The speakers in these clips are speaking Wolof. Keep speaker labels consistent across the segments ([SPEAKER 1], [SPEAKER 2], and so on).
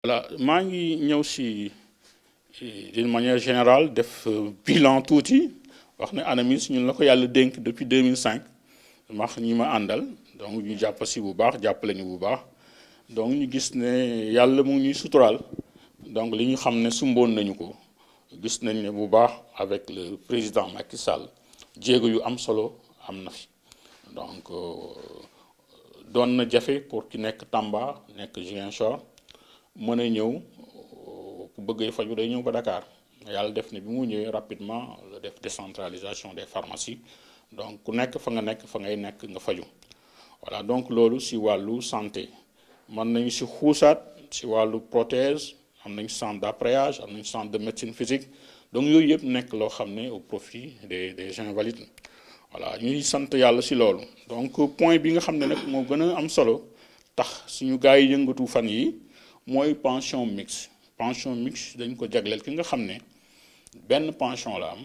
[SPEAKER 1] voilà maa ngi ñëw si d'une manière générale def euh, bilan tuuti wax ne ANAMIS ñun la ko yàlla dénk depuis 2005 max ñi ma àndal donc ñu jàpp si bu baax jàppale ñu bu baax donc ñu gis ne yàlla mu ngi ñuy suturaal donc li ñu xam ne sumboon nañu ko. gis nañ ne bu baax avec le président Macky Sall jéego yu am solo am na fi donc euh, doon na jafe pour ki nekk Tamba nekk Ziguinchor mën a ñëw euh, ku bëggee faju day ñëw ba Dakar yàlla def ne bi mu ñëwee rapidement la def décentralisation des pharmacies donc ku nekk fa nga nekk fa ngay nekk nga faju voilà donc loolu si wàllu santé mën nañu si xuusaat si wàllu prothèse am nañ centre d'appareillage am nañ centre de médecine physique donc yooyu yëpp nekk loo xam ne au profit des des gens valides voilà ñuy sant yàlla si loolu donc point bi nga xam ne nag moo gën a am solo tax suñu gars yi yëngatu fan yi mooy pension mixte pension mixte dañ ko jagleel ki nga xam ne benn pension la am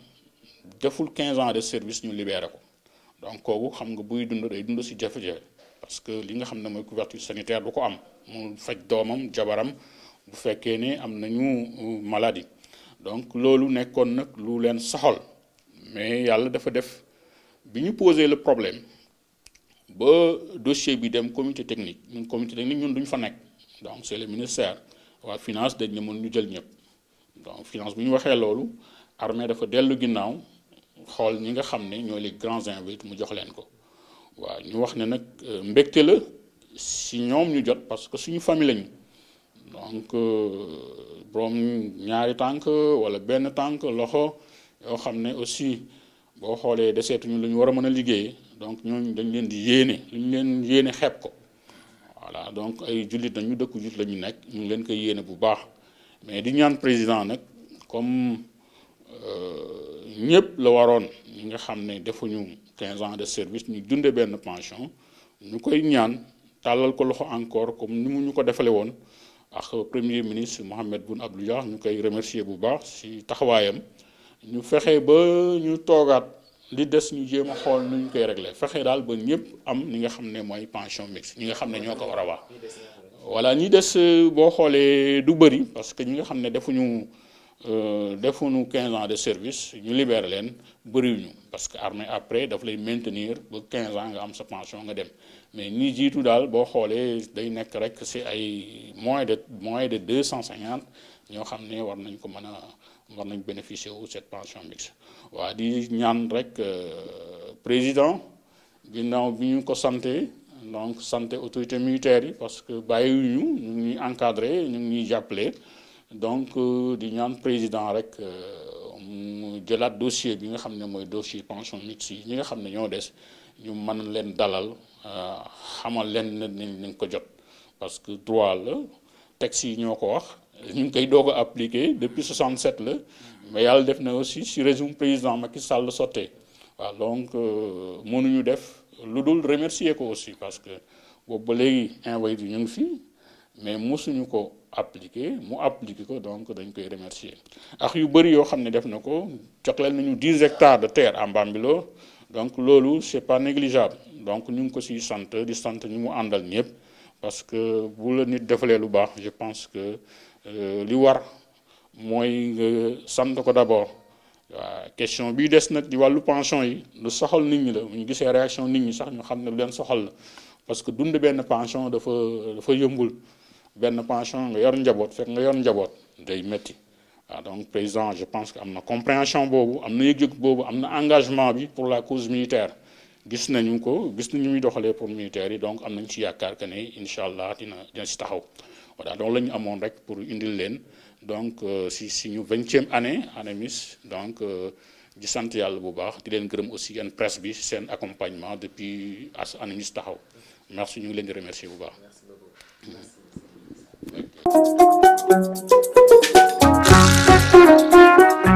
[SPEAKER 1] deful quinze ans de service ñu libéré ko donc kooku xam nga buy dund day dund si jafe-jafe parce que li nga xam ne mooy couverture sanitaire du ko am faj doomam jabaram bu fekkee ne am nañu euh, maladie donc loolu nekkoon nag lu leen soxal mais yàlla dafa def bi ñu posé le problème ba dossier bi dem comité technique ñun comité technique ñun duñ fa nekk donc c'est le ministère waa finance dañ ne mën ñu jël ñëpp donc finance bu ñu waxee loolu armée dafa dellu ginnaaw xool ñi nga xam ne ñoo les grands invités mu jox leen ko waaw ñu wax ne nag euh, mbégte la si ñoom ñu jot parce que suñu famille lañu donc euh, borom ñaari tànk wala benn tànk loxo yoo xam ne aussi boo xoolee deseetuñu lu ñu war a mën a liggéey donc ñooñu dañ leen di yéene lu ñu leen yéene xeeb ko voilà donc ay jullit nañu dëkku jullit la ñu nekk ñu leen koy yéene bu baax mais di ñaan président nag comme euh, ñëpp la waroon ñi nga xam ne defuñu quinze ans de service ñu dunde benn pension ñu koy ñaan tàllal ko loxo encore comme ni mu ñu ko defale woon ak premier ministre Mohamed Boun Abdallah ñu koy remercier bu baax si taxawaayam ñu fexe ba ñu toogaat li des ñu jéem a xool nu koy régler fexe daal ba ñëpp am ñi nga xam ne mooy pension mixte ñi nga xam ne ñoo ko war a wax. voilà ñi des boo xoolee du bëri parce que ñi nga xam ne defuñu. Euh, defuñu quinze ans de service ñu libéré leen bëriwuñu parce que armée après daf lay maintenir ba 15 ans nga am sa pension nga dem mais ñi jiitu daal boo xoolee day nekk rek si ay mois de mois de deux cent 250 ñoo xam ne war nañ ko mën a war nañ bénéficier wu cette pension mixte waa di ñaan rek euh, président ginnaaw bi ñu ko santé donc santé autorité militaire yi parce que bàyyiwuñu ñu ngi ñuy encadré ñu ngi ñuy jàppale. donc euh, di ñaan président rek euh, mu jëlaat dossier bi nga xam ne mooy dossier pension mixte yi ñi nga xam ne ñoo des ñu mën leen dalal euh, xamal leen ne nañ ko jot parce que droit la texte yi ñoo ko wax ñu ngi koy doo ko appliqué depuis 67 la ma yàlla def na aussi si régime président Macky Sall la sottee waaw donc mënuñu def lu dul remercier ko aussi parce que boobu ba léegi invalides yi ñu ngi fii mais mosuñu ko appliquer mu appliquer ko donc dañ koy remercier ak yu bëri yoo xam ne def na ko joxleen nañu 10 hectares de terre à Bambilor donc loolu c'est pas négligeable donc ñu ngi ko siy sant di sant ñu mu àndal ñëpp parce que bu la nit defalee lu baax je pense que euh, li war mooy nga sant ko d'abord waaw question bii des nag di wàllu pension yi lu soxal nit ñi la bu ñu gisee réaction nit ñi sax ñu xam ne lu leen soxal la parce que dund benn pension dafa dafa yëmbul benn pension nga yor njaboot fekk nga yor njaboot day métti waaw ah, donc président je pense que am na compréhension boobu am na boobu am na engagement bi pour la cause militaire gis nañu ko gis nañu muy doxalee pour militaire yi donc am nañ ci yaakaar ne incha allah dina dina si taxaw voilà donc la ñu amoon rek indil leen donc euh, si si ñu vingtième année ANAMIS donc euh, di sant yàlla bu baax di leen gërëm aussi yeen presse bi seen accompagnement depuis as ANAMIS taxaw merci ñu ngi leen di remercier bu baax. Thank you.